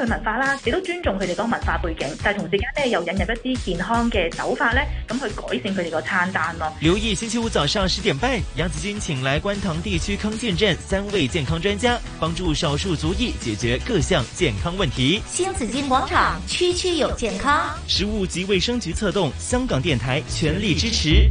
佢文化啦，亦都尊重佢哋嗰文化背景，但係同時間咧又引入一啲健康嘅手法咧，咁、嗯、去改善佢哋個餐單咯。留意星期五早上十點半，楊子金請來觀塘地區康健站三位健康專家幫助少數族裔解決各項健康問題。新紫荊廣場，區區有健康。食物及衛生局策動，香港電台全力支持。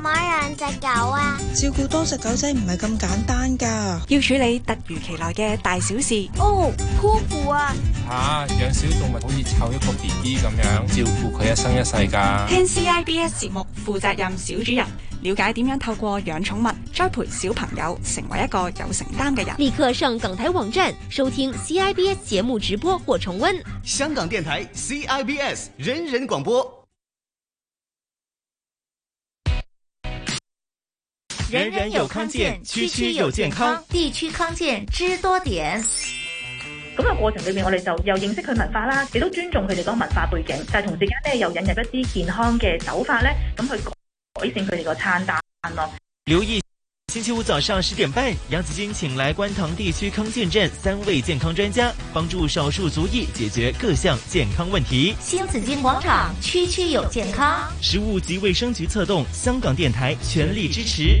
買兩隻狗啊！照顧多隻狗仔唔係咁簡單噶，要處理突如其來嘅大小事。哦，鋪布啊！吓，啊，養小動物好似湊一個 BB 咁樣，照顧佢一生一世噶。聽 CIBS 節目，負責任小主人，了解點樣透過養寵物栽培小朋友成為一個有承擔嘅人。立刻上港台網站收聽 CIBS 節目直播或重溫。香港電台 CIBS 人人廣播。人人有康健，區區有健康，區區健康地區康健知多點。咁啊，過程裏面我哋就又認識佢文化啦，亦都尊重佢哋嗰文化背景，但係同時間呢，又引入一啲健康嘅手法咧，咁去改善佢哋個餐單咯。留意，星期五早上十點半，楊紫晶請來觀塘地區康健站三位健康專家，幫助少數族裔解決各項健康問題。新紫荊廣場區區有健康，食物及衛生局策動，香港電台全力支持。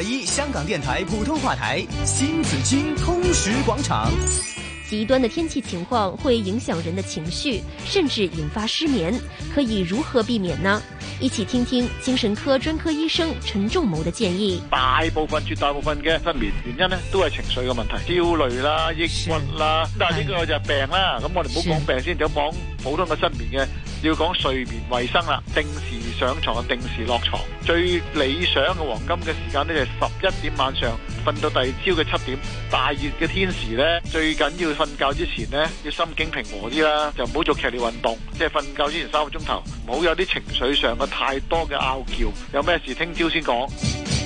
一香港電台普通話台新紫荊通識廣場。極端的天氣情況會影響人的情緒，甚至引發失眠，可以如何避免呢？一起聽聽精神科專科醫生陳仲謀的建議。大部分絕大部分嘅失眠原因呢，都係情緒嘅問題，焦慮啦、抑鬱啦，但係呢個就係病啦。咁我哋唔好講病先，就講普通嘅失眠嘅。要講睡眠衛生啦，定時上床定時落床。最理想嘅黃金嘅時間呢，就係十一點晚上，瞓到第二朝嘅七點。大熱嘅天時呢，最緊要瞓覺之前呢，要心境平和啲啦，就唔好做劇烈運動。即係瞓覺之前三個鐘頭，唔好有啲情緒上嘅太多嘅拗撬。有咩事聽朝先講。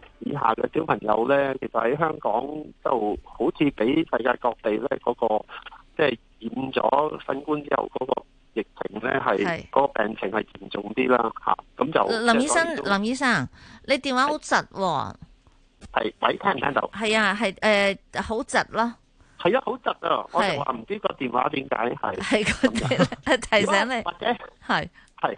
以下嘅小朋友咧，其實喺香港就好似畀世界各地咧嗰、那個，即、就、係、是、染咗新冠之後嗰個疫情咧係嗰個病情係嚴重啲啦嚇，咁、啊、就林醫生，林醫生，醫生你電話好窒喎，係，喂聽唔聽到？係啊，係誒，好窒咯，係、哦、啊，好窒啊！我仲話唔知道個電話點解係係嗰啲提醒你嘅，係係、啊。是是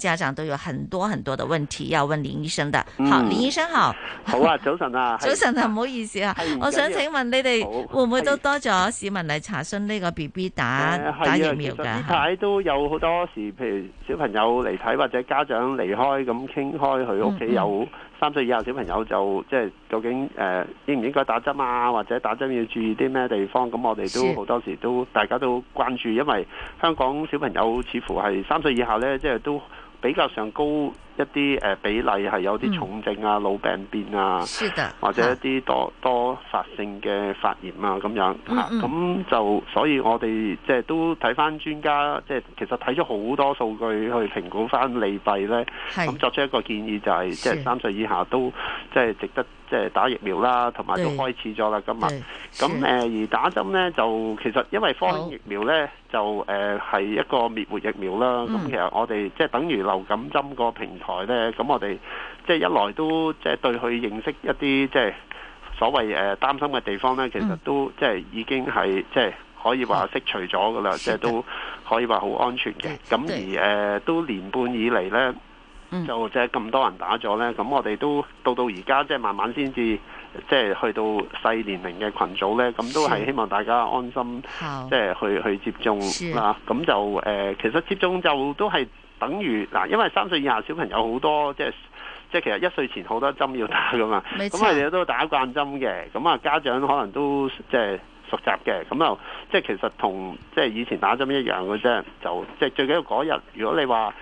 家長都有很多很多的問題要問林醫生的、嗯。好，林醫生好。好啊，早晨啊。 早晨啊，唔好意思啊。我想請問你哋會唔會都多咗市民嚟查詢呢個 B B 打打疫苗噶？係、嗯嗯嗯都，嗯嗯嗯嗯、都有好多時，譬如小朋友嚟睇或者家長離開咁，傾開佢屋企有三歲以下小朋友就即係究竟誒、呃、應唔應該打針啊，或者打針要注意啲咩地方？咁我哋都好多時都大家都關注，因為香港小朋友似乎係三歲以下呢，即係都。比較上高一啲比例係有啲重症啊、嗯、腦病變啊，或者一啲多、啊、多發性嘅發炎啊咁樣嚇，咁、嗯啊、就所以我哋即係都睇翻專家，即、就、係、是、其實睇咗好多數據去評估翻利弊咧，咁作出一個建議就係即係三歲以下都即係、就是、值得。即係打疫苗啦，同埋都開始咗啦，今日。咁誒，而打針咧就其實因為科興疫苗咧就誒係、呃、一個滅活疫苗啦。咁、嗯、其實我哋即係等於流感針個平台咧。咁、嗯、我哋即係一來都即係對佢認識一啲即係所謂誒、呃、擔心嘅地方咧，其實都、嗯、即係已經係即係可以話釋除咗噶啦，即係都可以話好安全嘅。咁而誒、呃、都年半以嚟咧，就即係咁多人打咗呢，咁我哋都到到而家，即係慢慢先至，即係去到細年齡嘅群組呢，咁都係希望大家安心，即係去去接種啦。咁就，呃，其實接種就都係等於嗱，因為三歲以下小朋友好多，即係即係其實一歲前好多針要打噶嘛。咁我哋都打慣針嘅，咁啊家長可能都即係熟習嘅，咁又即係其實同即係以前打針一樣嘅啫，就即係最緊要嗰日，如果你話。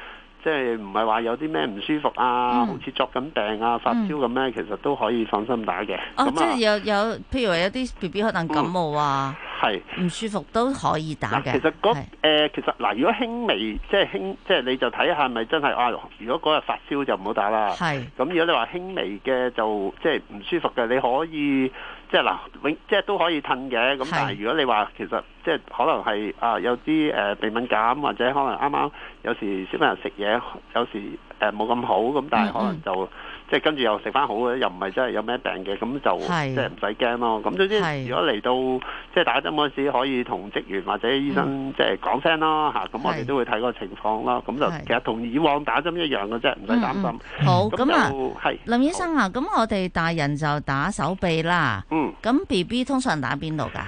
即係唔係話有啲咩唔舒服啊，好、嗯、似作緊病啊、發燒咁咧，其實都可以放心打嘅。哦，啊、即係有有，譬如話有啲 B B 可能感冒啊，係、嗯、唔舒服都可以打嘅。其實誒、嗰個呃，其實嗱、呃，如果輕微即係輕，即係你就睇下係咪真係啊。如果嗰日發燒就唔好打啦。係。咁如果你話輕微嘅就即係唔舒服嘅，你可以。即係嗱，永即係、就是、都可以褪嘅，咁但係如果你話其實即係、就是、可能係啊有啲誒鼻敏感，或者可能啱啱有時小朋友食嘢有時誒冇咁好咁，但係可能就。嗯嗯即、就、係、是、跟住又食翻好嘅，又唔係真係有咩病嘅，咁就即係唔使驚咯。咁總之，如果嚟到即係打針嗰時，可以同職員或者醫生、嗯、即係講聲咯，吓咁我哋都會睇個情況咯。咁就其實同以往打針一樣嘅啫，唔使擔心。嗯嗯、好，咁啊，係林醫生啊，咁我哋大人就打手臂啦。嗯，咁 B B 通常打邊度㗎？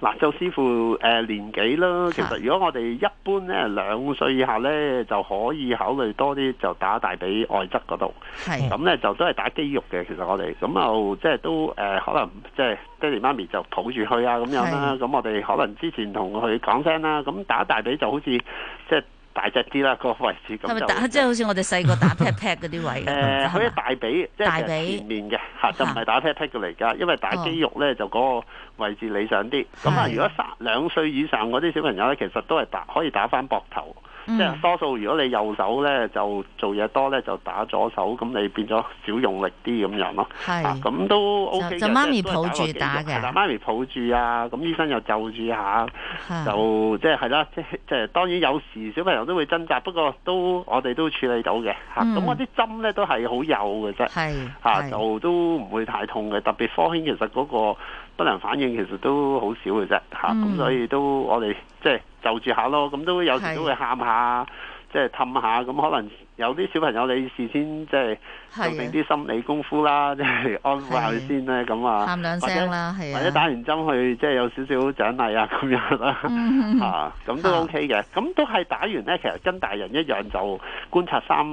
嗱，就視乎誒年紀啦。其實，如果我哋一般咧兩歲以下咧，就可以考慮多啲就打大髀外側嗰度。係，咁咧就都係打肌肉嘅。其實我哋咁又即係都誒，可能即係爹哋媽咪就抱住佢啊咁樣啦。咁我哋可能之前同佢講聲啦。咁打大髀就好似即係。大隻啲啦，個位置咁咪打，即係好似我哋細個打 pat pat 嗰啲位誒，佢係 啲、呃、大髀即係前面嘅嚇，就唔係打 pat pat 嚟噶， 因為打肌肉咧就嗰個位置理想啲。咁啊，如果三兩歲以上嗰啲小朋友咧，其實都係打可以打翻膊頭。嗯、即係多數，如果你右手咧就做嘢多咧就打左手，咁你變咗少用力啲咁樣咯。係，咁、啊、都 O K 嘅。就媽咪抱住打嘅，係媽咪抱住啊，咁醫生又就住下，就即係係啦，即係當然有時小朋友都會掙扎，不過都我哋都處理到嘅。嚇、嗯，咁、啊、啲針咧都係好幼嘅啫。係，嚇、啊、就都唔會太痛嘅，特別科興其實嗰、那個。不良反應其實都好少嘅啫，咁、嗯啊、所以都我哋即係就住下咯，咁都有時都會喊下，即係氹下，咁可能。有啲小朋友你事先即係鍛鍊啲心理功夫啦，即係安慰下佢先咧咁啊，喊兩聲啦，係啊，或者打完針去即係有少少獎勵啊咁樣啦，嚇咁都 OK 嘅。咁都係打完咧，其實跟大人一樣就觀察三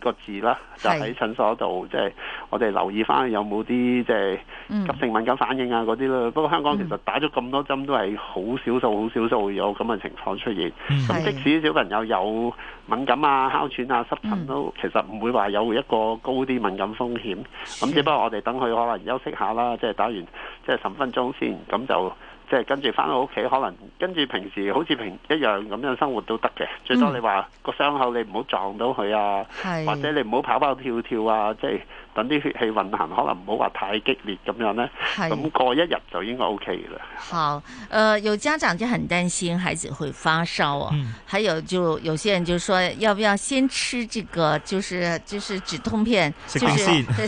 個字啦，就喺診所度即係我哋留意翻有冇啲即係急性敏感反應啊嗰啲咯。不過香港其實打咗咁多針都係好少數，好少數有咁嘅情況出現。咁即使小朋友有敏感啊、哮喘啊、濕都其實唔會話有一個高啲敏感風險，咁只不過我哋等佢可能休息下啦，即係打完即係十分鐘先，咁就即係跟住返到屋企可能跟住平時好似平一樣咁樣生活都得嘅，最多你話個傷口你唔好撞到佢啊，或者你唔好跑跑跳跳啊，即係。等啲血氣運行，可能唔好話太激烈咁樣咧，咁過一日就應該 OK 嘅啦。好，誒、呃，有家長就很擔心孩子會發燒啊、嗯，還有就有些人就說，要不要先吃這個，就是就是止痛片，嗯、就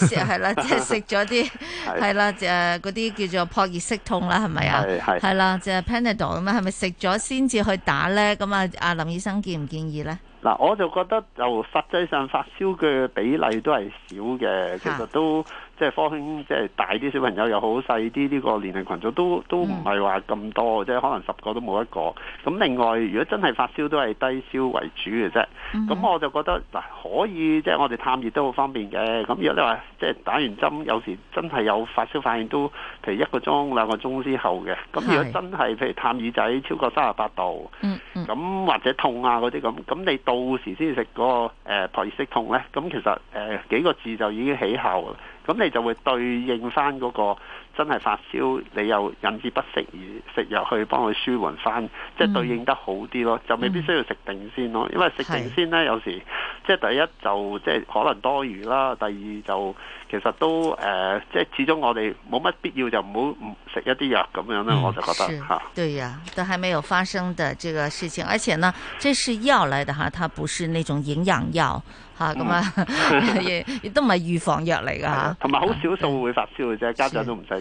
是係啦，食咗啲係啦，誒嗰啲叫做撲熱息痛啦，係咪啊？係係係啦，就 Panadol 咁啊，係咪食咗先至去打咧？咁啊，阿林醫生建唔建議咧？嗱，我就覺得就實際上發燒嘅比例都係少嘅，其實都。即、就、係、是、科興，即、就、係、是、大啲小朋友又好，細啲呢個年齡群組都都唔係話咁多，即、mm. 係可能十個都冇一個。咁另外，如果真係發燒，都係低燒為主嘅啫。咁、mm. 我就覺得嗱，可以即係、就是、我哋探熱都好方便嘅。咁如果你話即係打完針，有時真係有發燒反應，都譬如一個鐘兩個鐘之後嘅。咁如果真係譬如探耳仔超過三十八度，咁、mm. 或者痛啊、嗰啲咁，咁你到時先食嗰個誒退熱息痛呢。咁其實、呃、幾個字就已經起效。咁，你就會對應翻、那、嗰個。真係發燒，你又引致不適而食藥去幫佢舒緩翻，即係對應得好啲咯、嗯，就未必需要食定先咯、嗯。因為食定先呢，有時即係第一就即係可能多餘啦，第二就其實都誒、呃，即係始終我哋冇乜必要就唔好食一啲藥咁樣咧、嗯，我就覺得嚇。對呀，都還沒有發生的這個事情，而且呢，這是藥嚟嘅，哈，它不是那種營養藥嚇咁啊，亦、嗯、 都唔係預防藥嚟噶嚇。同埋、啊、好少數會發燒嘅啫，家長都唔使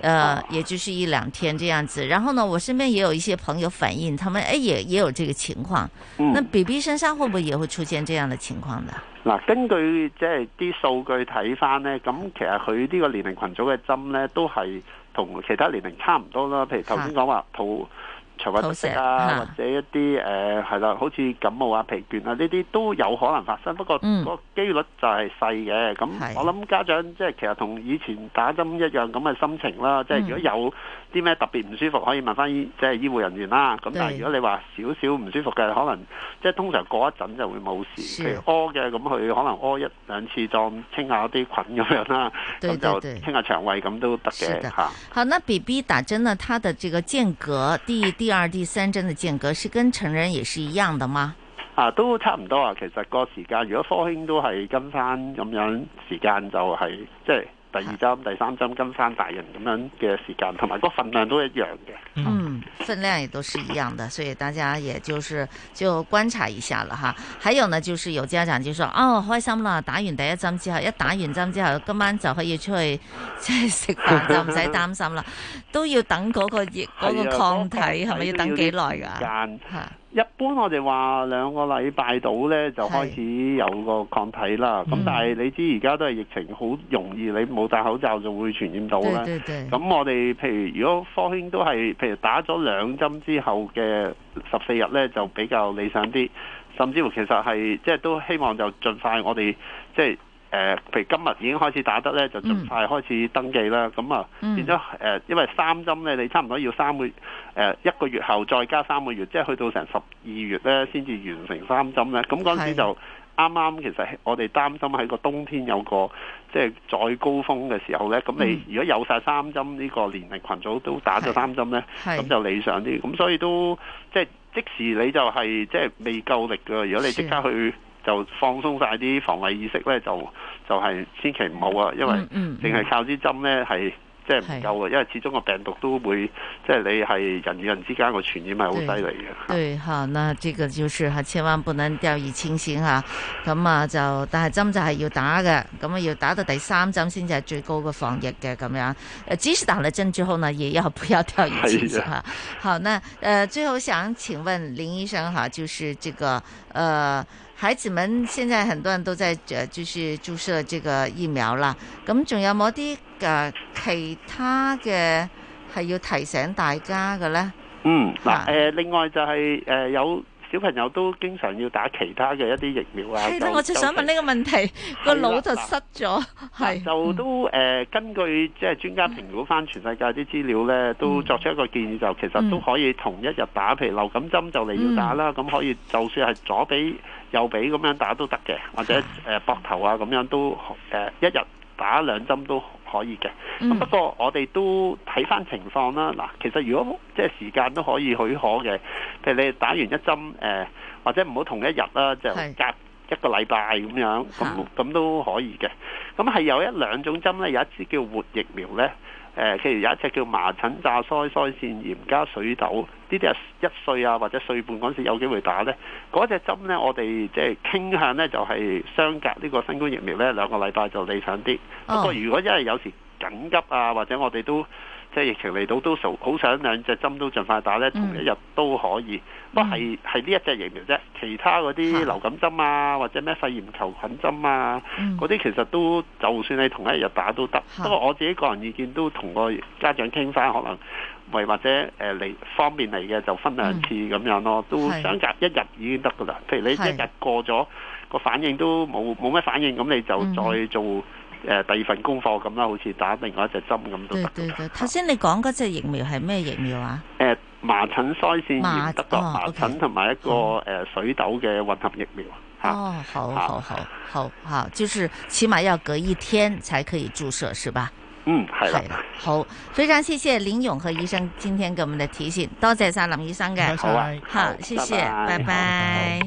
呃，也就是一兩天這樣子，然後呢，我身邊也有一些朋友反映，他們誒也也有這個情況。嗯，那 B B 身上會不會也會出現這樣的情況呢？嗱，嗯，根據即係啲數據睇翻呢，咁其實佢呢個年齡群組嘅針呢，都係同其他年齡差唔多啦。譬如頭先講話，同。或者啊，或者一啲誒係啦，好似感冒啊、疲倦啊呢啲都有可能發生，不過、嗯、個機率就係細嘅。咁我諗家長即係、就是、其實同以前打針一樣咁嘅心情啦。即係、就是、如果有。嗯啲咩特別唔舒服可以問翻醫，即係醫護人員啦。咁但係如果你話少少唔舒服嘅，可能即係、就是、通常過一陣就會冇事。譬如屙嘅咁，佢可能屙一兩次，當清一下啲菌咁樣啦，咁就清下腸胃咁都得嘅嚇。好，那 BB 打針呢？它的這個間隔，第二第二、第三針嘅間隔是跟成人也是一樣的嗎？啊，都差唔多啊。其實個時間，如果科興都係跟翻咁樣時間、就是，就係即係。第二針、第三針跟返大人咁樣嘅時間，同埋個分量都一樣嘅。嗯， 分量也都是一樣的，所以大家也就是就觀察一下啦，哈。還有呢，就是有家長就說，哦，開心啦，打完第一針之後，一打完針之後，今晚就可以出去即係食飯，就唔使擔心啦。 都要等嗰、那個、那個抗體係咪 要等幾耐噶哈。 一般我哋話兩個禮拜到呢，就開始有個抗體啦，咁但係你知而家都係疫情好容易，你冇戴口罩就會傳染到啦。咁我哋譬如如果科興都係，譬如打咗兩針之後嘅十四日呢，就比較理想啲，甚至乎其實係即係都希望就盡快我哋即係。誒、呃，譬如今日已經開始打得咧，就盡快開始登記啦。咁、嗯、啊，變、嗯、咗因為三針咧，你差唔多要三個誒、呃、一個月後再加三個月，即係去到成十二月咧，先至完成三針咧。咁嗰陣時就啱啱，其實我哋擔心喺個冬天有個即係、就是、再高峰嘅時候咧，咁你如果有晒三針呢個年齡群組都打咗三針咧，咁就理想啲。咁所以都即係即時你就係、是、即係未夠力㗎，如果你即刻去。就放鬆晒啲防衞意識咧，就就係、是、千祈唔好啊，因為淨係靠啲針咧係即係唔夠嘅，因為始終個病毒都會即係你係人與人之間個傳染係好犀利嘅。對哈，嗱呢個就係哈，千萬不能掉以輕心啊！咁啊就，但係針就係要打嘅，咁啊要打到第三針先至係最高嘅防疫嘅咁樣。誒，即使打咗針之後呢，亦又不要掉以輕心啊！好，嗱誒、呃、最後想請問林醫生哈，就係呢、這個誒。呃孩子們現在很多人都在，就是注射這個疫苗啦。咁仲有冇啲誒其他嘅係要提醒大家嘅咧？嗯，嗱，誒，另外就係誒有小朋友都經常要打其他嘅一啲疫苗啊。係，我就想問呢個問題，個腦就失咗，係、啊、就都誒根據即係專家評估翻全世界啲資料咧、嗯，都作出一個建議、嗯，就其實都可以同一日打，譬如流感針就嚟要打啦。咁、嗯、可以就算係左俾。右臂咁樣打都得嘅，或者誒膊頭啊咁樣都誒、呃、一日打兩針都可以嘅、嗯。不過我哋都睇翻情況啦。嗱，其實如果即係時間都可以許可嘅，譬如你打完一針誒、呃，或者唔好同一日啦，就隔一個禮拜咁樣，咁咁都可以嘅。咁係有一兩種針呢，有一支叫活疫苗呢，其實、呃、有一隻叫麻疹、炸腮、腮腺炎加水痘，呢啲係一歲啊或者歲半嗰時有機會打呢嗰隻、那個、針呢，我哋即係傾向呢就係、是、相隔呢個新冠疫苗呢兩個禮拜就理想啲。不過如果因為有時緊急啊，或者我哋都。即、就、係、是、疫情嚟到都好想兩隻針都盡快打呢、嗯、同一日都可以。不過係呢一隻疫苗啫，其他嗰啲流感針啊，或者咩肺炎球菌針啊，嗰、嗯、啲其實都就算你同一日打都得。不過我自己個人意見都同個家長傾翻，可能喂或者誒嚟、呃、方便嚟嘅就分兩次咁樣咯、嗯，都想隔一日已經得噶啦。譬如你一日過咗個反應都冇冇咩反應，咁你就再做。嗯。誒，第二份功課咁啦，好似打另外一隻針咁都得。頭對先對對你講嗰隻疫苗係咩疫苗啊？誒、呃，麻疹腮腺炎麻、哦、麻疹同、okay, 埋一個誒、嗯呃、水痘嘅混合疫苗。哦好、啊，好，好，好，好，吓，就是起碼要隔一天才可以注射，是吧？嗯，係啦。好，非常謝謝林勇和醫生今天給我們的提醒，多謝晒林醫生嘅、啊。好啊。好，謝謝，bye bye bye bye 拜拜。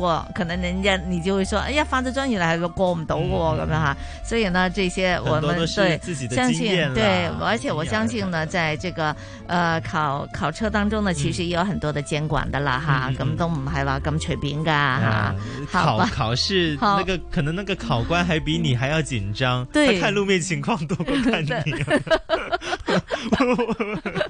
我可能人家你就會說，哎呀，發子專業來過我都過我，咁樣哈。所以呢，這些我們都是對自己的經驗相信，對，而且我相信呢，在這個呃考考車當中呢，其實也有很多的監管的啦，嗯、哈，咁、嗯、都唔係話咁隨便噶哈。考考試那個可能那個考官還比你還要緊張，對、嗯、看路面情況多過、嗯、看你。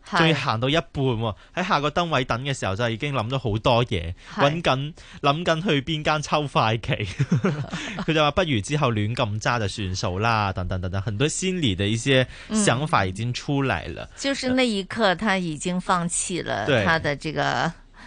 仲要行到一半喎，喺下個燈位等嘅時候就已經諗咗好多嘢，揾緊諗緊去邊間抽快旗，佢、啊、就話不如之後亂咁揸就算數啦，等等等等，很多心理的一些想法已經出嚟了、嗯。就是那一刻，他已經放棄了他的這個。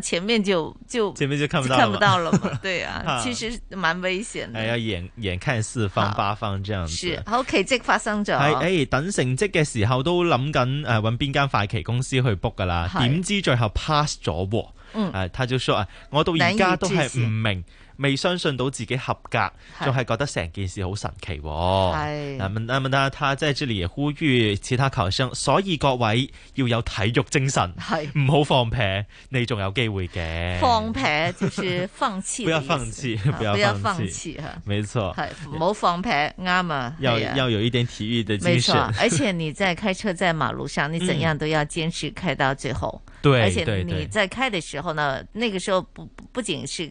前面就就前面就看不到，看不到了嘛？ 對啊， 其實蠻危險。哎，要眼眼看四方八方這樣子。是，好，奇蹟發生咗。係，哎，等成績嘅時候都諗緊，誒、啊，搵邊間快期公司去 book 噶啦。點知最後 pass 咗。啊。誒、嗯，啊，他就說啊，我到而家都係唔明。未相信到自己合格，仲係覺得成件事好神奇。係，啱啱？他即係朱也呼籲其他球生，所以各位要有體育精神，係唔好放屁。你仲有機會嘅。放屁，就是放棄， 不要放棄，不要放棄吓，沒錯，係唔好放屁，啱啊。要要有一點體育的，沒錯。而且你在開車在馬路上，嗯、你怎樣都要堅持開到最後對對。對，而且你在開的時候呢，那個時候不不僅是。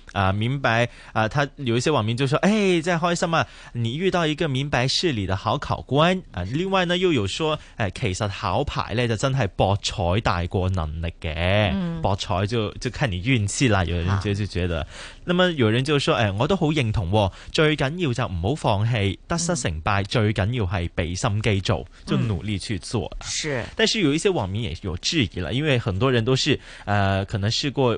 啊，明白啊，他有一些網民就說，哎、真係開心啊、啊，你遇到一個明白事理的好考官啊。另外呢，又有說，誒、啊，其實考牌呢，就真係博彩大過能力嘅、嗯，博彩就就看你運氣啦。有人就就覺得、啊，那麼有人就說，誒、哎，我都好認同、哦，最緊要就唔好放棄，得失成敗、嗯、最緊要係俾心機做，就努力去做、嗯。是，但是有一些網民也有質疑啦，因為很多人都是，誒、呃，可能試過。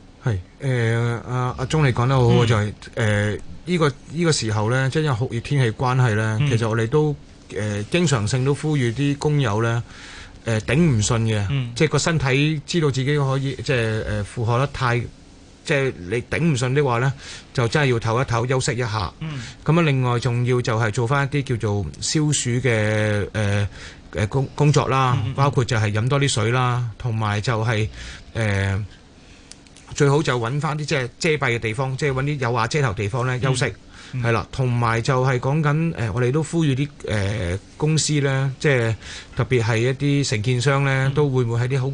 係，誒，阿阿鍾你講得好好，就係，誒，呢個呢個時候咧，即係因為酷熱天氣關係咧，其實我哋都，誒，經常性都呼籲啲工友咧，誒，頂唔順嘅，即係個身體知道自己可以，即係，誒，負荷得太，即係你頂唔順的話咧，就真係要唞一唞，休息一下。咁啊，另外仲要就係做翻一啲叫做消暑嘅，誒，誒工工作啦，包括就係飲多啲水啦，同埋就係，誒。最好就揾翻啲即係遮蔽嘅地方，即係揾啲有瓦遮頭地方咧，休息，係、嗯、啦。同、嗯、埋就係講緊、呃、我哋都呼籲啲、呃、公司咧，即、就、係、是、特別係一啲承建商咧，都會唔會喺啲好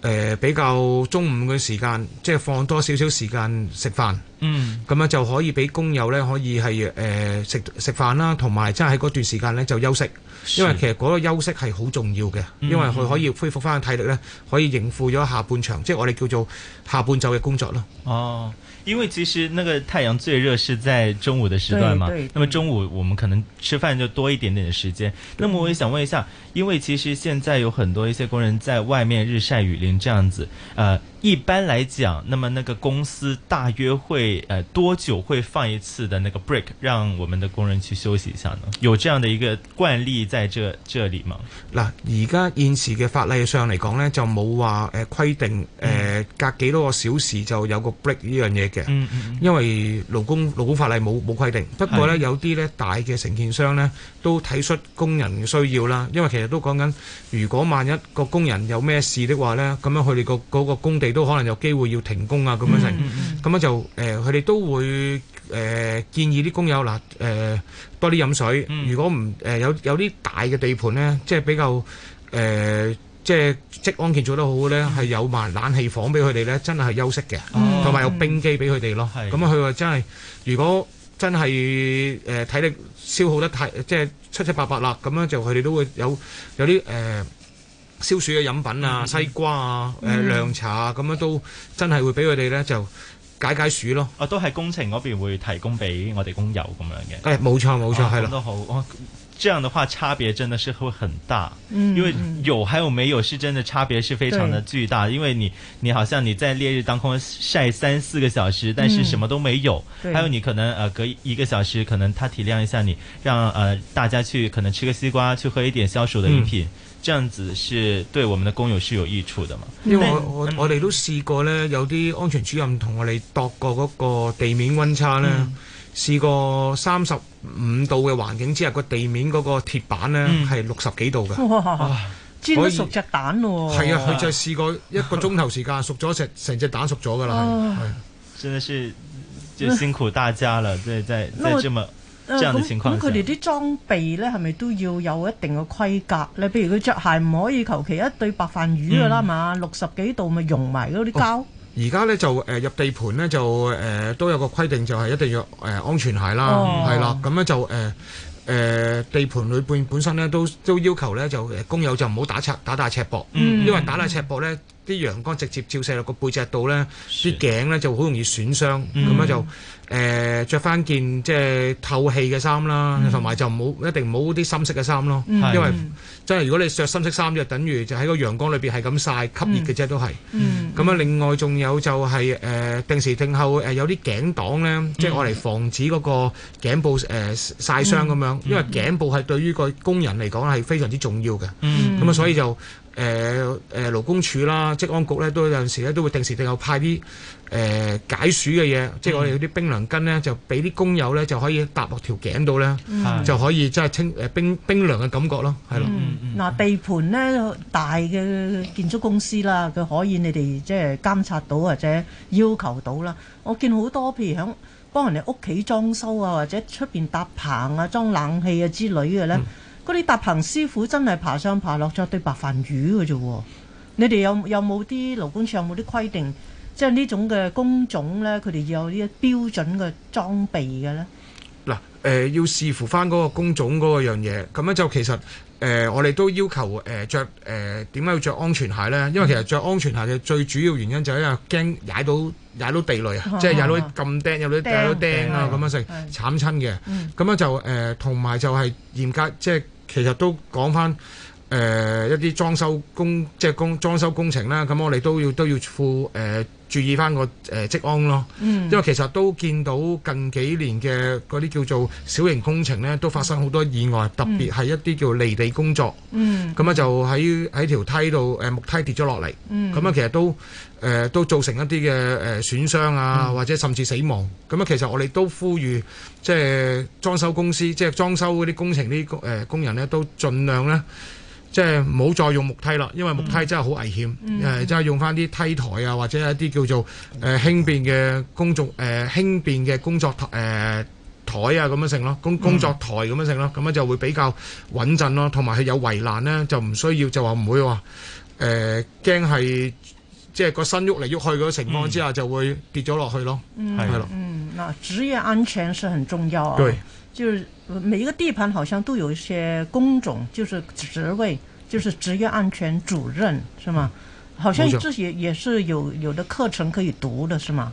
誒、呃、比較中午嘅時間，即係放多少少時間食飯。嗯，咁樣就可以俾工友呢，可以係誒、呃、食食飯啦，同埋即係喺嗰段時間呢就休息。因為其實嗰個休息係好重要嘅、嗯，因為佢可以恢復返體力呢，可以應付咗下半場。嗯、即係我哋叫做下半晝嘅工作啦。哦，因為其實那個太陽最熱是在中午嘅時段嘛。對，對，對。那麼中午我們可能吃飯就多一點點嘅時間。那麼我也想問一下。因為其實現在有很多一些工人在外面日晒雨淋這樣子，呃，一般來講，那麼那個公司大約會呃多久會放一次的那個 break，讓我們的工人去休息一下呢？有這樣的一個慣例在這這裏嗎？嗱，而家現時嘅法例上嚟講呢，就冇話誒規定誒，呃，隔幾多個小時就有個 break 呢樣嘢嘅，嗯嗯，因為勞工勞工法例冇冇規定，不過呢，的有啲呢大嘅承建商呢，都睇出工人嘅需要啦，因為其實。都講緊，如果萬一個工人有咩事的話咧，咁樣佢哋個嗰個工地都可能有機會要停工啊，咁樣成。咁、嗯嗯嗯、樣就誒，佢、呃、哋都會誒、呃、建議啲工友嗱誒、呃、多啲飲水、嗯。如果唔誒、呃、有有啲大嘅地盤咧，即係比較誒、呃，即係職安健做得好嘅咧，係、嗯、有埋冷氣房俾佢哋咧，真係休息嘅，同、嗯、埋有冰機俾佢哋咯。咁、嗯、啊，佢話真係，如果真係誒、呃、體力消耗得太即係。七七八八啦，咁樣就佢哋都會有有啲誒消暑嘅飲品啊、嗯，西瓜啊，誒、呃、涼茶啊，咁、嗯、樣都真係會俾佢哋咧就解解暑咯。啊，都係工程嗰邊會提供俾我哋工友咁樣嘅。誒，冇錯冇錯，係啦。都好啊。這樣的話差別真的是會很大，嗯，因為有還有沒有是真的差別是非常的巨大，因為你你好像你在烈日當空曬三四個小時，但是什麼都沒有。嗯，還有你可能呃隔一個小時可能他體諒一下你，讓呃大家去可能吃個西瓜，去喝一點消暑的飲品，嗯，這樣子是對我們的工友是有益處的嘛。因為我我我哋都試過呢，有啲安全主任同我哋度過嗰個地面温差呢，嗯、試過三十。五度嘅環境之下，個地面嗰個鐵板呢係六十幾度㗎，煎熟隻蛋咯。係啊，佢就試過一個鐘頭時間熟咗成成隻蛋熟咗噶啦。真係辛苦大家喇，對對對，這麼這咁，佢哋啲裝備呢係咪都要有一定嘅規格？你譬如佢着鞋唔可以求其一對白飯魚噶啦嘛，六十幾度咪溶埋嗰啲膠。嗯而家咧就入地盤咧就誒、呃、都有個規定，就係、是、一定要誒、呃、安全鞋啦，係、哦、啦。咁咧就誒、呃、地盤裏邊本身咧都都要求咧就工友就唔好打打大赤膊、嗯，因為打大赤膊咧啲陽光直接照射落個背脊度咧，啲頸咧就好容易損傷，咁、嗯、咧就。誒著翻件即係透氣嘅衫啦，同、嗯、埋就唔好一定唔好啲深色嘅衫咯，因為真係如果你着深色衫，就等於就喺個陽光裏邊係咁晒，吸熱嘅啫，都係。咁、嗯、啊，嗯、另外仲有就係、是、誒、呃、定時定候誒有啲頸擋咧，即係我嚟防止嗰個頸部誒、呃、曬傷咁、嗯、樣、嗯，因為頸部係對於個工人嚟講係非常之重要嘅。咁、嗯、啊，所以就誒誒、呃呃、勞工署啦、職安局咧都有陣時咧都會定時定候派啲。誒、呃、解暑嘅嘢，即係我哋嗰啲冰涼巾咧，就俾啲工友咧就可以搭落條頸度咧、嗯，就可以即係清誒、呃、冰冰涼嘅感覺咯，係、嗯、咯。嗱、嗯嗯嗯、地盤咧大嘅建築公司啦，佢可以你哋即係監察到或者要求到啦。我見好多譬如響幫人哋屋企裝修啊，或者出邊搭棚啊、裝冷氣啊之類嘅咧，嗰、嗯、啲搭棚師傅真係爬上爬落，一對白飯魚㗎啫喎。你哋有有冇啲勞工處有冇啲規定？即係呢種嘅工種咧，佢哋要有呢啲標準嘅裝備嘅咧。嗱、呃，誒要視乎翻嗰個工種嗰個樣嘢，咁咧就其實誒、呃、我哋都要求誒著誒點解要着安全鞋咧？嗯、因為其實着安全鞋嘅最主要原因就係因為驚踩到踩到地雷啊，即係踩到咁釘、踩到釘啊咁、啊、樣成慘親嘅。咁、嗯、樣就誒同埋就係嚴格，即係其實都講翻。誒、呃、一啲裝修工，即係工裝修工程啦。咁我哋都要都要付誒、呃、注意返個誒職、呃、安咯。Mm. 因為其實都見到近幾年嘅嗰啲叫做小型工程咧，都發生好多意外，特別係一啲叫離地工作。咁、mm. 啊，就喺喺條梯度、呃、木梯跌咗落嚟。咁啊，其實都誒、呃、都造成一啲嘅誒損傷啊，或者甚至死亡。咁啊，其實我哋都呼籲即係裝修公司，即係裝修嗰啲工程啲工人咧，都盡量咧。即係唔好再用木梯啦，因為木梯真係好危險。誒、嗯，即、呃、係用返啲梯台啊，或者一啲叫做誒、呃、輕便嘅工作誒、呃、輕便嘅工，、呃啊、工作台誒台啊咁樣成咯，工工作台咁樣成咯，咁樣就會比較穩陣咯。同埋佢有圍欄咧，就唔需要就話唔會話誒驚係即係個身喐嚟喐去嗰情況之下就會跌咗落去咯。係、嗯、咯，嗯嗱，職業安全是很重要啊。對。就是每一個地盤好像都有一些工種，就是職位，就是職業安全主任，是嗎？好像這些也是有有的課程可以讀的，是嗎？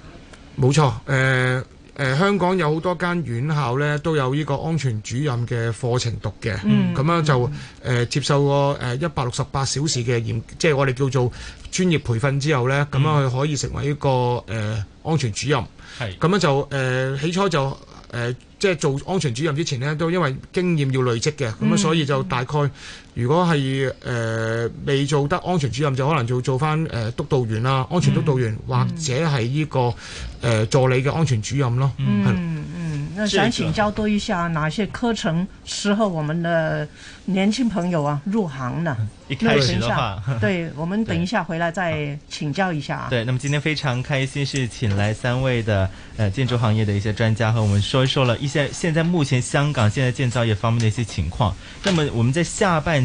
冇錯，誒、呃、誒、呃，香港有好多間院校咧都有呢個安全主任嘅課程讀嘅，咁、嗯、樣就誒、呃、接受過誒一百六十八小時嘅嚴，即係我哋叫做專業培訓之後咧，咁樣佢可以成為一個誒、嗯呃、安全主任，係咁樣就誒、呃、起初就誒。呃即係做安全主任之前咧，都因為經驗要累積嘅，咁啊，所以就大概。如果係誒、呃、未做得安全主任，就可能就做翻誒、呃、督導員啦、啊，安全督導員，嗯、或者係呢、這個、呃、助理嘅安全主任咯。嗯嗯，那想請教多一下，哪些課程適合我們的年輕朋友啊入行呢？一開始的話 下，對，我們等一下回來再請教一下。啊。對，那麼今天非常開心，是請來三位的、呃、建築行業的一些專家，和我們說一說了一些現在目前香港現在建造業方面的一些情況。那麼我們在下半。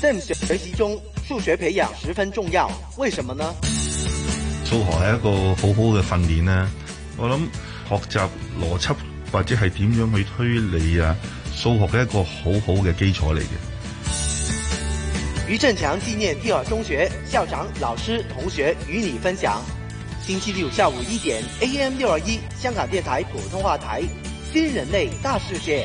在學習中，數學培養十分重要。為什麼呢？數學係一個好好嘅訓練呢，我諗學習邏輯，或者係點樣去推理啊，數學嘅一個好好嘅基礎嚟嘅。余振強紀念第二中學校長、老師、同學與你分享。星期六下午一點，AM 六二一，AM621, 香港電台普通話台，《新人類大世界》。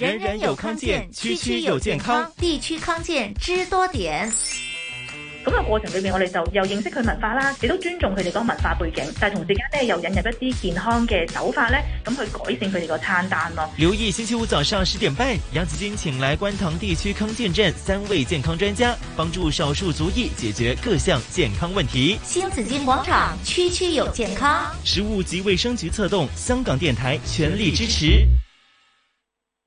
人人有康健，區區有健康，區區有健康，地區康健知多點。咁啊，過程裏面，我哋就又認識佢文化啦，亦都尊重佢哋嗰個文化背景，但係同時間呢，又引入一啲健康嘅手法咧，咁去改善佢哋個餐單咯。留意星期五早上十點半，楊紫晶請來觀塘地區康健站三位健康專家幫助少數族裔解決各項健康問題。新紫荊廣場，區區有健康，食物及衛生局策動，香港電台全力支持。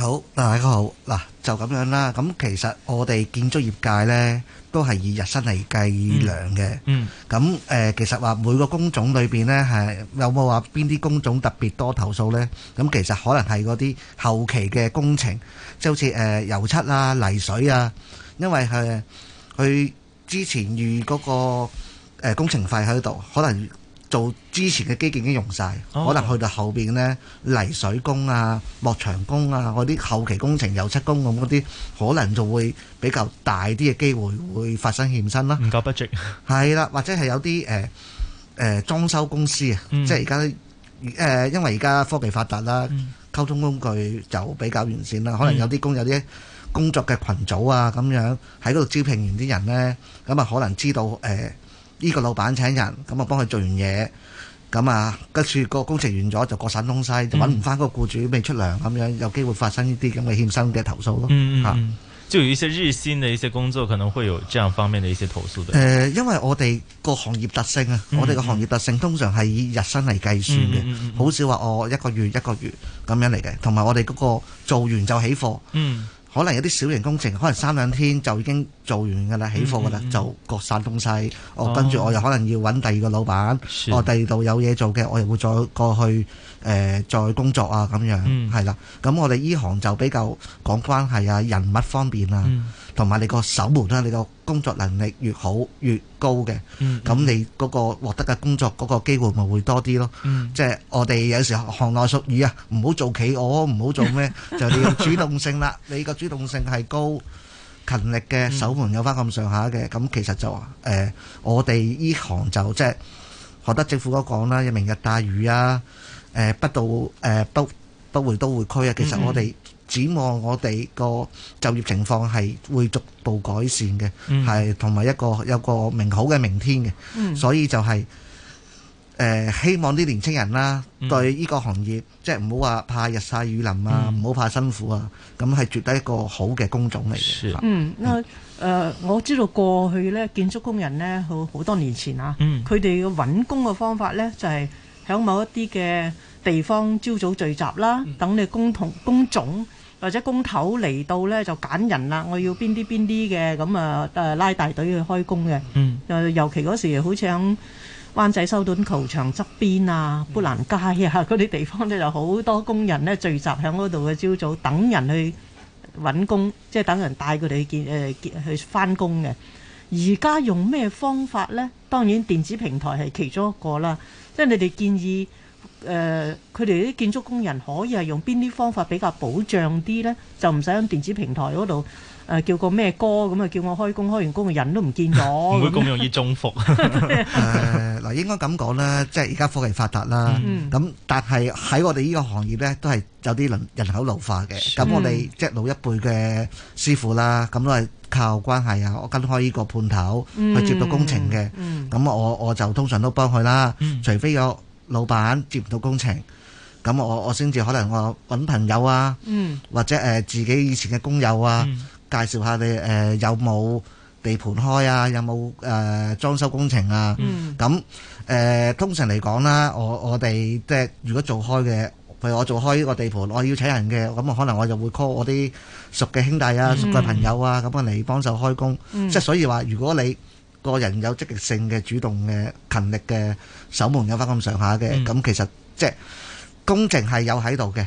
好，嗱，大家好，嗱，就咁樣啦。咁其實我哋建築業界呢，都係以日薪嚟計量嘅。嗯，咁誒，其實話每個工種裏邊呢，係有冇話邊啲工種特別多投訴呢？咁其實可能係嗰啲後期嘅工程，即係好似誒油漆啊、泥水啊，因為係佢之前預嗰個誒工程費喺度，可能。做之前嘅基建已經用晒，可能去到後邊呢，泥水工啊、抹牆工啊嗰啲後期工程，油漆工咁嗰啲，可能就會比較大啲嘅機會會發生欠薪啦。唔夠 budget，係啦，或者係有啲誒誒裝修公司啊，即係而家誒，因為而家科技發達啦，溝通工具就比較完善啦，可能有啲工有啲工作嘅羣組啊，咁樣喺嗰度招聘完啲人呢，咁啊可能知道誒。呢個老闆請人，咁啊幫佢做完嘢，咁啊跟住個工程完咗就各散東西，就揾唔返個僱主未出糧咁樣，有機會發生呢啲咁嘅欠薪嘅投訴咯。嗯嗯，就有一些日薪的一些工作，可能會有這樣方面的一些投訴嘅。誒，因為我哋個行業特性啊，我哋個行業特性通常係以日薪嚟計算嘅，好少話我一個月一個月咁樣嚟嘅。同埋我哋嗰個做完就起貨。嗯。可能有啲小型工程，可能三兩天就已經做完㗎啦，起貨㗎啦，嗯、就各散東西。我跟住我又可能要揾第二個老闆，哦、我第二度有嘢做嘅，我又會再過去。誒、呃，再工作啊，咁樣係啦。咁、嗯、我哋呢行就比較講關係啊、人物方面啊，同、嗯、埋你個守門啊，你個工作能力越好越高嘅，咁、嗯、你嗰個獲得嘅工作嗰、嗯、那個機會咪會多啲咯。嗯、即係我哋有時候行內術語啊，唔好做企鵝，唔好做咩、嗯，就你要主動性啦、啊。 你個主動性係高勤力嘅守門有翻咁上下嘅，咁、嗯、其實就誒、呃、我哋呢行就即係學得政府所講啦，有明日大嶼啊。誒，不到誒不不會都會區啊！其實我哋展望我哋個就業情況係會逐步改善嘅，係同埋一個有個明好嘅明天嘅，所以就係誒希望啲年青人啦，對呢個行業即係唔好話怕日曬雨淋啊，唔好怕辛苦啊，咁係絕對一個好嘅工種嚟嘅。嗯，我誒我知道過去咧建築工人咧好好多年前啊，佢哋嘅揾工嘅方法咧就係。喺某一啲嘅地方，朝早聚集啦、嗯，等你工同工種或者工頭嚟到呢，就揀人啦。我要邊啲邊啲嘅咁啊？誒拉大隊去開工嘅。誒、嗯、尤其嗰時，好似喺灣仔修頓球場側邊啊、砵、嗯、蘭街啊嗰啲地方呢就好多工人呢聚集喺嗰度嘅朝早等人去揾工，即、就、係、是、等人帶佢哋去誒去翻工嘅。而家用咩方法呢？當然電子平台係其中一個啦。即係你哋建議誒，佢哋啲建築工人可以係用邊啲方法比較保障啲呢？就唔使喺電子平台嗰度。誒叫個咩哥咁啊！叫我開工，開完工嘅人都唔見咗。唔會咁容易中伏。誒嗱，應該咁講啦，即係而家科技發達啦。咁但係喺我哋呢個行業咧，都係有啲人人口老化嘅。咁我哋即係老一輩嘅師傅啦，咁都係靠關係啊。我跟開呢個判頭去接到工程嘅。咁我我就通常都幫佢啦。除非有老闆接唔到工程，咁我我先至可能我揾朋友啊，或者誒自己以前嘅工友啊。介紹下你誒有冇地盤開啊？有冇誒裝修工程啊？咁誒通常嚟講啦，我我哋即係如果做開嘅，譬如我做開呢個地盤，我要請人嘅，咁啊可能我就會 call 我啲熟嘅兄弟啊、熟嘅朋友啊，咁啊嚟幫手開工。即係所以話，如果你個人有積極性嘅、主動嘅、勤力嘅守門有返咁上下嘅，咁其實即係。工程係有喺度嘅，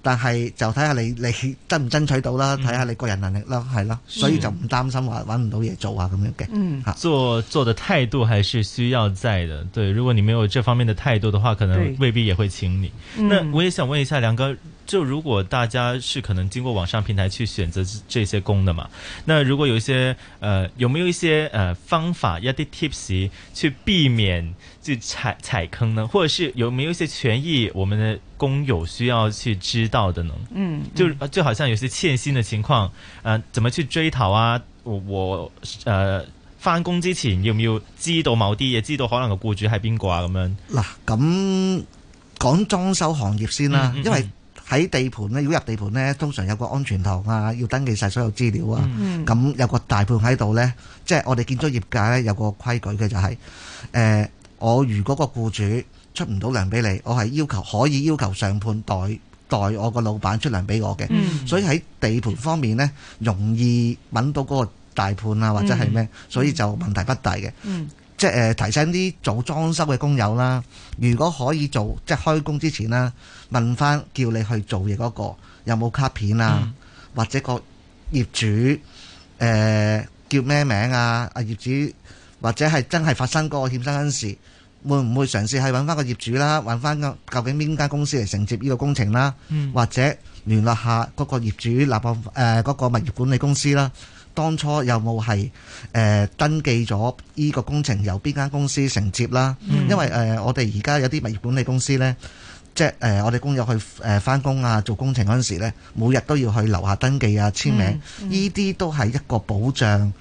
但係就睇下你你爭唔爭取到啦，睇、嗯、下你個人能力啦，係咯，所以就唔擔心話搵唔到嘢做啊咁樣嘅。嗯，做做的態度還是需要在的，對，如果你沒有這方面的態度的話，可能未必也會請你。那我也想問一下梁哥。就如果大家是可能經過網上平台去選擇這些工的嘛，那如果有一些，呃，有沒有一些，呃，方法，一啲 tips 去避免去踩踩坑呢？或者是有沒有一些權益我們的工友需要去知道的呢？嗯，就就好像有些欠薪的情況，呃，怎麼去追討啊？我，呃，翻工之前要唔要知道某啲嘢？知道可能個僱主係邊個啊？咁樣。嗱，咁講裝修行業先啦，啊嗯啊，因為。喺地盤咧，如果入地盤咧，通常有個安全堂啊，要登記晒所有資料啊。咁、嗯、有個大判喺度咧，即、就、係、是、我哋建築業界咧有個規矩嘅就係、是，誒、呃，我如果個僱主出唔到糧俾你，我係要求可以要求上判代代我個老闆出糧俾我嘅、嗯。所以喺地盤方面咧，容易揾到嗰個大判啊，或者係咩、嗯，所以就問題不大嘅。嗯即係、呃、提醒啲做裝修嘅工友啦，如果可以做即係開工之前啦，問翻叫你去做嘢嗰個有冇卡片啊，嗯、或者個業主誒、呃、叫咩名啊？阿業主或者係真係發生嗰個欠薪嗰陣時會唔會嘗試係揾翻個業主啦、啊，揾翻個究竟邊間公司嚟承接呢個工程啦、啊嗯，或者聯絡下嗰個業主立、立、呃、嗰、嗰個物業管理公司啦、啊。當初有冇係誒登記咗呢個工程由邊間公司承接啦？嗯、因為誒、呃、我哋而家有啲物業管理公司呢，即係、呃、我哋工友去誒翻工啊做工程嗰陣時咧，每日都要去樓下登記啊簽名，呢、嗯、啲、嗯、都係一個保障。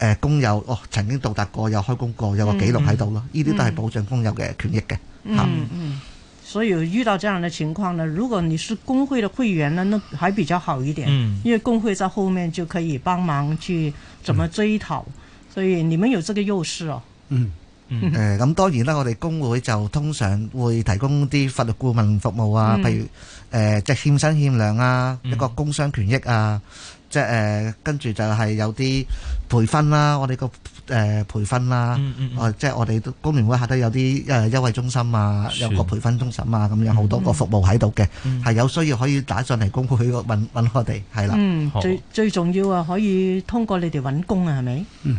誒、呃、工友哦曾經到達過有開工過有個記錄喺度咯，呢啲都係保障工友嘅權益嘅。嗯。嗯嗯所以遇到這樣的情況呢，如果你是工會的會員呢，那還比較好一點、嗯，因為工會在後面就可以幫忙去怎麼追討，嗯、所以你們有這個優勢哦。嗯，誒、嗯，咁、 呃、當然啦，我哋工會就通常會提供啲法律顧問服務啊，嗯、譬如誒，即、呃、係、就是、欠薪欠糧啊、嗯，一個工傷權益啊。即係誒，跟、呃、住就係有啲培訓啦，我哋個誒培訓啦，哦、嗯嗯嗯呃，即係我哋公工聯會下底有啲誒優惠中心啊，了有個培訓中心啊，咁有好多個服務喺度嘅，係、嗯、有需要可以打上嚟工會個揾揾我哋，係啦。嗯，最好最重要啊，可以通過你哋揾工啊，係咪？嗯。